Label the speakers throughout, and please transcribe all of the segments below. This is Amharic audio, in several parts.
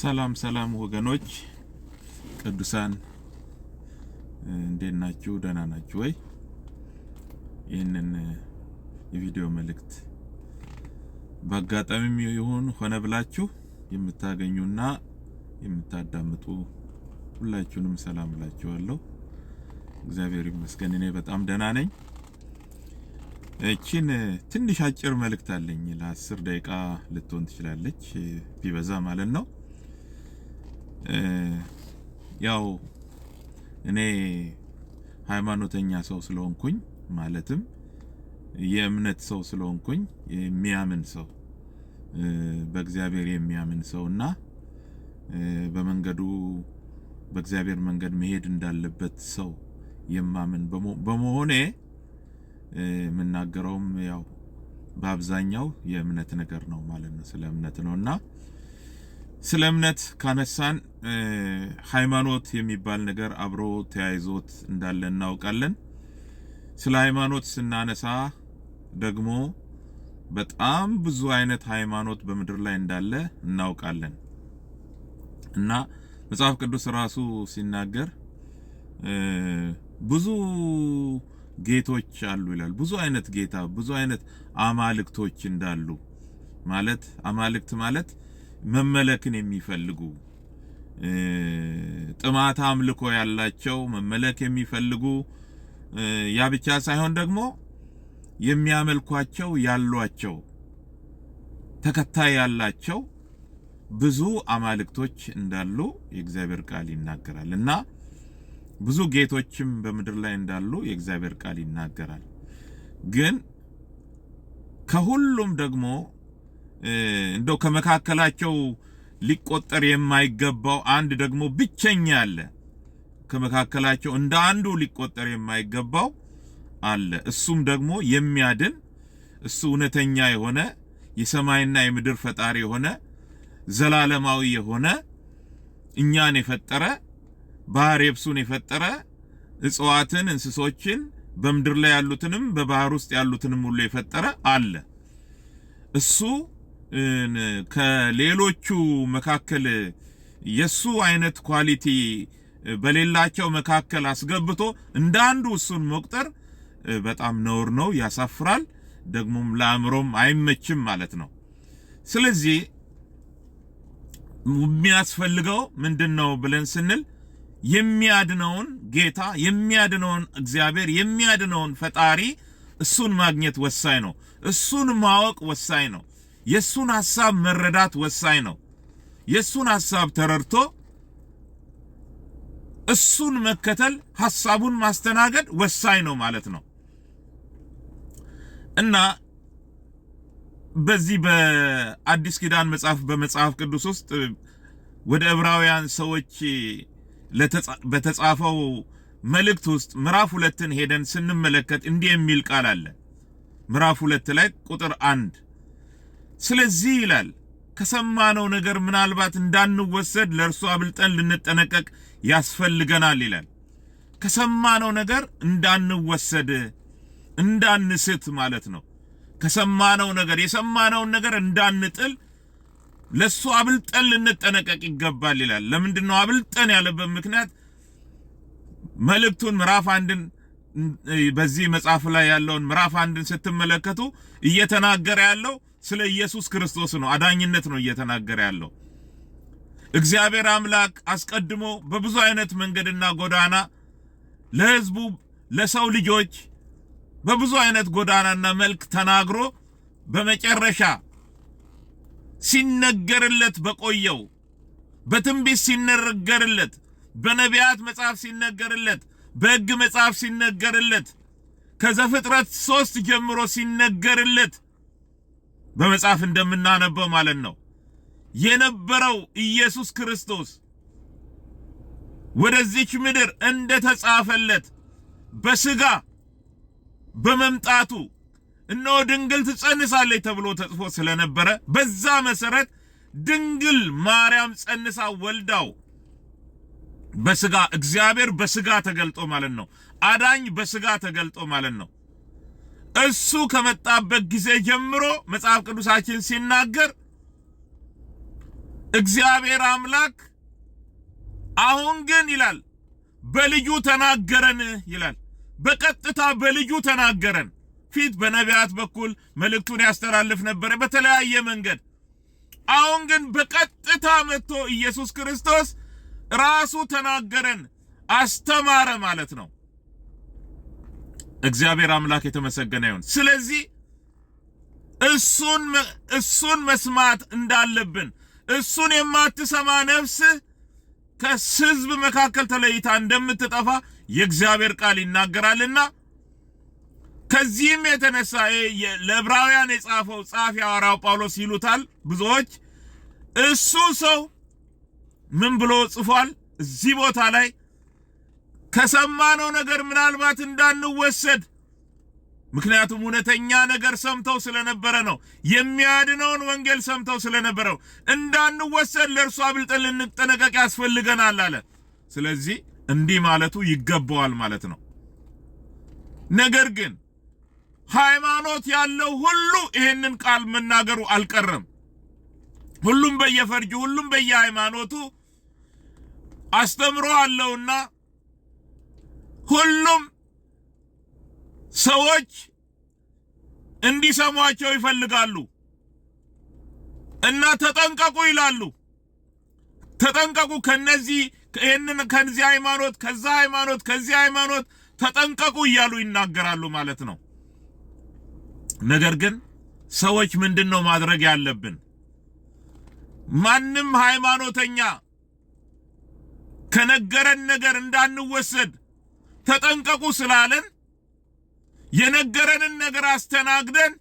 Speaker 1: ሰላም ሰላም ወገኖች ቅዱሳን እንዴት ናችሁ? ደህና ናችሁ ወይ? ይህንን የቪዲዮ መልእክት በአጋጣሚም ይሁን ሆነ ብላችሁ የምታገኙና የምታዳምጡ ሁላችሁንም ሰላም እላችኋለሁ። እግዚአብሔር ይመስገን እኔ በጣም ደህና ነኝ። እቺን ትንሽ አጭር መልእክት አለኝ። ለአስር ደቂቃ ልትሆን ትችላለች ቢበዛ ማለት ነው። ያው እኔ ሃይማኖተኛ ሰው ስለሆንኩኝ ማለትም የእምነት ሰው ስለሆንኩኝ የሚያምን ሰው በእግዚአብሔር የሚያምን ሰው እና በመንገዱ በእግዚአብሔር መንገድ መሄድ እንዳለበት ሰው የማምን በመሆኔ የምናገረውም ያው በአብዛኛው የእምነት ነገር ነው ማለት ነው። ስለ እምነት ነው እና ስለ እምነት ካነሳን ሃይማኖት የሚባል ነገር አብሮ ተያይዞት እንዳለ እናውቃለን። ስለ ሃይማኖት ስናነሳ ደግሞ በጣም ብዙ አይነት ሃይማኖት በምድር ላይ እንዳለ እናውቃለን እና መጽሐፍ ቅዱስ ራሱ ሲናገር ብዙ ጌቶች አሉ ይላል። ብዙ አይነት ጌታ፣ ብዙ አይነት አማልክቶች እንዳሉ ማለት አማልክት ማለት መመለክን የሚፈልጉ ጥማት አምልኮ ያላቸው መመለክ የሚፈልጉ ያ ብቻ ሳይሆን ደግሞ የሚያመልኳቸው ያሏቸው ተከታይ ያላቸው ብዙ አማልክቶች እንዳሉ የእግዚአብሔር ቃል ይናገራል እና ብዙ ጌቶችም በምድር ላይ እንዳሉ የእግዚአብሔር ቃል ይናገራል። ግን ከሁሉም ደግሞ እንደው ከመካከላቸው ሊቆጠር የማይገባው አንድ ደግሞ ብቸኛ አለ። ከመካከላቸው እንደ አንዱ ሊቆጠር የማይገባው አለ። እሱም ደግሞ የሚያድን እሱ እውነተኛ የሆነ የሰማይና የምድር ፈጣሪ የሆነ ዘላለማዊ የሆነ እኛን የፈጠረ ባህር የብሱን የፈጠረ እጽዋትን፣ እንስሶችን በምድር ላይ ያሉትንም በባህር ውስጥ ያሉትንም ሁሉ የፈጠረ አለ እሱ ከሌሎቹ መካከል የሱ አይነት ኳሊቲ በሌላቸው መካከል አስገብቶ እንደ አንዱ እሱን መቁጠር በጣም ነውር ነው፣ ያሳፍራል፣ ደግሞም ለአእምሮም አይመችም ማለት ነው። ስለዚህ የሚያስፈልገው ምንድን ነው ብለን ስንል የሚያድነውን ጌታ የሚያድነውን እግዚአብሔር የሚያድነውን ፈጣሪ እሱን ማግኘት ወሳኝ ነው። እሱን ማወቅ ወሳኝ ነው። የሱን ሐሳብ መረዳት ወሳኝ ነው። የሱን ሐሳብ ተረድቶ እሱን መከተል ሐሳቡን ማስተናገድ ወሳኝ ነው ማለት ነው እና በዚህ በአዲስ ኪዳን መጽሐፍ በመጽሐፍ ቅዱስ ውስጥ ወደ ዕብራውያን ሰዎች በተጻፈው መልእክት ውስጥ ምዕራፍ ሁለትን ሄደን ስንመለከት እንዲህ የሚል ቃል አለ። ምዕራፍ ሁለት ላይ ቁጥር አንድ ስለዚህ ይላል ከሰማነው ነገር ምናልባት እንዳንወሰድ ለእርሱ አብልጠን ልንጠነቀቅ ያስፈልገናል ይላል። ከሰማነው ነገር እንዳንወሰድ እንዳንስት ማለት ነው። ከሰማነው ነገር የሰማነውን ነገር እንዳንጥል ለእሱ አብልጠን ልንጠነቀቅ ይገባል ይላል። ለምንድን ነው አብልጠን ያለበት ምክንያት? መልእክቱን ምዕራፍ አንድን በዚህ መጽሐፍ ላይ ያለውን ምዕራፍ አንድን ስትመለከቱ እየተናገረ ያለው ስለ ኢየሱስ ክርስቶስ ነው፣ አዳኝነት ነው እየተናገረ ያለው። እግዚአብሔር አምላክ አስቀድሞ በብዙ አይነት መንገድና ጎዳና ለሕዝቡ ለሰው ልጆች በብዙ አይነት ጎዳናና መልክ ተናግሮ በመጨረሻ ሲነገርለት በቆየው በትንቢት ሲነገርለት፣ በነቢያት መጽሐፍ ሲነገርለት፣ በሕግ መጽሐፍ ሲነገርለት፣ ከዘፍጥረት ሦስት ጀምሮ ሲነገርለት በመጽሐፍ እንደምናነበው ማለት ነው የነበረው ኢየሱስ ክርስቶስ ወደዚች ምድር እንደ ተጻፈለት በስጋ በመምጣቱ እነሆ ድንግል ትጸንሳለች ተብሎ ተጽፎ ስለነበረ በዛ መሰረት ድንግል ማርያም ጸንሳ ወልዳው በስጋ እግዚአብሔር በስጋ ተገልጦ ማለት ነው። አዳኝ በስጋ ተገልጦ ማለት ነው። እሱ ከመጣበት ጊዜ ጀምሮ መጽሐፍ ቅዱሳችን ሲናገር እግዚአብሔር አምላክ አሁን ግን ይላል በልጁ ተናገረን ይላል። በቀጥታ በልጁ ተናገረን። ፊት በነቢያት በኩል መልእክቱን ያስተላልፍ ነበረ በተለያየ መንገድ። አሁን ግን በቀጥታ መጥቶ ኢየሱስ ክርስቶስ ራሱ ተናገረን፣ አስተማረ ማለት ነው። እግዚአብሔር አምላክ የተመሰገነ ይሁን። ስለዚህ እሱን እሱን መስማት እንዳለብን እሱን የማትሰማ ነፍስ ከህዝብ መካከል ተለይታ እንደምትጠፋ የእግዚአብሔር ቃል ይናገራልና ከዚህም የተነሳ ለዕብራውያን የጻፈው ጻፊ ሐዋርያው ጳውሎስ ይሉታል ብዙዎች። እሱ ሰው ምን ብሎ ጽፏል? እዚህ ቦታ ላይ ከሰማነው ነገር ምናልባት እንዳንወሰድ ምክንያቱም እውነተኛ ነገር ሰምተው ስለነበረ ነው። የሚያድነውን ወንጌል ሰምተው ስለነበረው እንዳንወሰድ ለእርሱ አብልጠን ልንጠነቀቅ ያስፈልገናል አለ። ስለዚህ እንዲህ ማለቱ ይገባዋል ማለት ነው። ነገር ግን ሃይማኖት ያለው ሁሉ ይህንን ቃል መናገሩ አልቀረም። ሁሉም በየፈርጁ፣ ሁሉም በየሃይማኖቱ አስተምሮ አለውና ሁሉም ሰዎች እንዲሰሟቸው ይፈልጋሉ እና ተጠንቀቁ ይላሉ። ተጠንቀቁ ከነዚህ ይህንን ከዚህ ሃይማኖት፣ ከዛ ሃይማኖት፣ ከዚህ ሃይማኖት ተጠንቀቁ እያሉ ይናገራሉ ማለት ነው። ነገር ግን ሰዎች ምንድን ነው ማድረግ ያለብን? ማንም ሃይማኖተኛ ከነገረን ነገር እንዳንወሰድ ተጠንቀቁ ስላለን የነገረንን ነገር አስተናግደን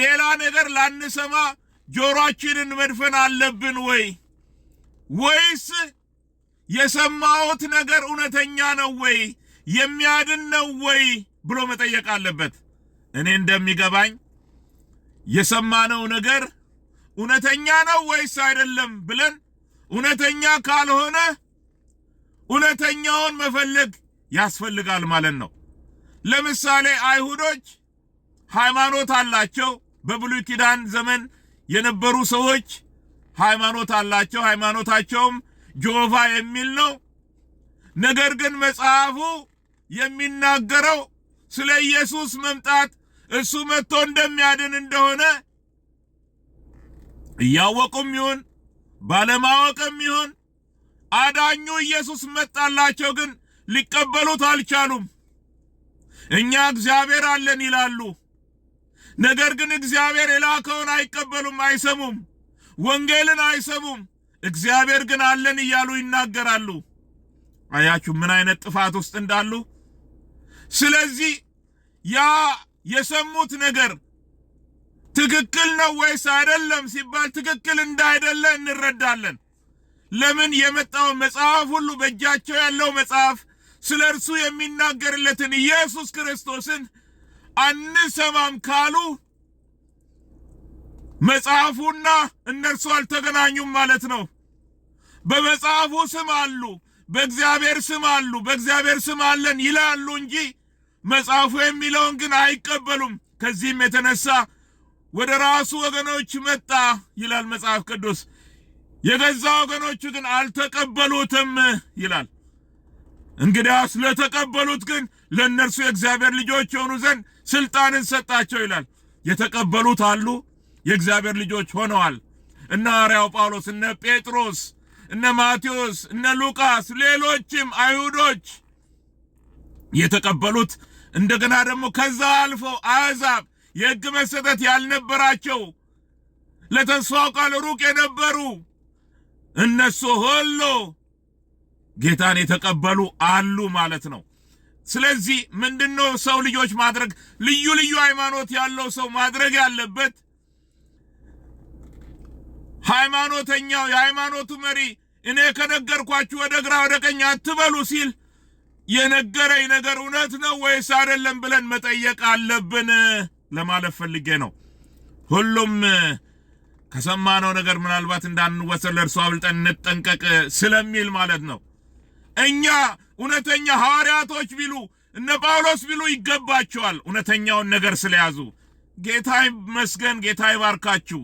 Speaker 1: ሌላ ነገር ላንሰማ ጆሮአችንን መድፈን አለብን ወይ? ወይስ የሰማሁት ነገር እውነተኛ ነው ወይ? የሚያድን ነው ወይ ብሎ መጠየቅ አለበት። እኔ እንደሚገባኝ የሰማነው ነገር እውነተኛ ነው ወይስ አይደለም ብለን እውነተኛ ካልሆነ እውነተኛውን መፈለግ ያስፈልጋል ማለት ነው። ለምሳሌ አይሁዶች ሃይማኖት አላቸው። በብሉይ ኪዳን ዘመን የነበሩ ሰዎች ሃይማኖት አላቸው። ሃይማኖታቸውም ጆቫ የሚል ነው። ነገር ግን መጽሐፉ የሚናገረው ስለ ኢየሱስ መምጣት እሱ መጥቶ እንደሚያድን እንደሆነ እያወቁም ይሁን ባለማወቅም ይሁን አዳኙ ኢየሱስ መጣላቸው ግን ሊቀበሉት አልቻሉም። እኛ እግዚአብሔር አለን ይላሉ፣ ነገር ግን እግዚአብሔር የላከውን አይቀበሉም፣ አይሰሙም፣ ወንጌልን አይሰሙም። እግዚአብሔር ግን አለን እያሉ ይናገራሉ። አያችሁ ምን አይነት ጥፋት ውስጥ እንዳሉ። ስለዚህ ያ የሰሙት ነገር ትክክል ነው ወይስ አይደለም ሲባል ትክክል እንዳይደለ እንረዳለን። ለምን የመጣው መጽሐፍ ሁሉ በእጃቸው ያለው መጽሐፍ ስለ እርሱ የሚናገርለትን ኢየሱስ ክርስቶስን አንሰማም ካሉ መጽሐፉና እነርሱ አልተገናኙም ማለት ነው። በመጽሐፉ ስም አሉ፣ በእግዚአብሔር ስም አሉ፣ በእግዚአብሔር ስም አለን ይላሉ እንጂ መጽሐፉ የሚለውን ግን አይቀበሉም። ከዚህም የተነሳ ወደ ራሱ ወገኖች መጣ ይላል መጽሐፍ ቅዱስ። የገዛ ወገኖቹ ግን አልተቀበሉትም ይላል። እንግዲያ ስለተቀበሉት ግን ለእነርሱ የእግዚአብሔር ልጆች የሆኑ ዘንድ ስልጣንን ሰጣቸው ይላል። የተቀበሉት አሉ፣ የእግዚአብሔር ልጆች ሆነዋል። እነ አርያው ጳውሎስ፣ እነ ጴጥሮስ፣ እነ ማቴዎስ፣ እነ ሉቃስ፣ ሌሎችም አይሁዶች የተቀበሉት እንደገና ደግሞ ከዛ አልፈው አሕዛብ የሕግ መሰጠት ያልነበራቸው ለተስፋው ቃል ሩቅ የነበሩ እነሱ ሁሉ ጌታን የተቀበሉ አሉ ማለት ነው። ስለዚህ ምንድነው ሰው ልጆች ማድረግ ልዩ ልዩ ሃይማኖት ያለው ሰው ማድረግ ያለበት ሃይማኖተኛው የሃይማኖቱ መሪ እኔ ከነገርኳችሁ ወደ ግራ ወደ ቀኝ አትበሉ ሲል የነገረኝ ነገር እውነት ነው ወይስ አይደለም ብለን መጠየቅ አለብን ለማለት ፈልጌ ነው። ሁሉም ከሰማነው ነገር ምናልባት እንዳንወሰድ ለእርሱ አብልጠን እንጠንቀቅ ስለሚል ማለት ነው። እኛ እውነተኛ ሐዋርያቶች ቢሉ እነ ጳውሎስ ቢሉ ይገባቸዋል። እውነተኛውን ነገር ስለያዙ ጌታ ይመስገን። ጌታ ይባርካችሁ።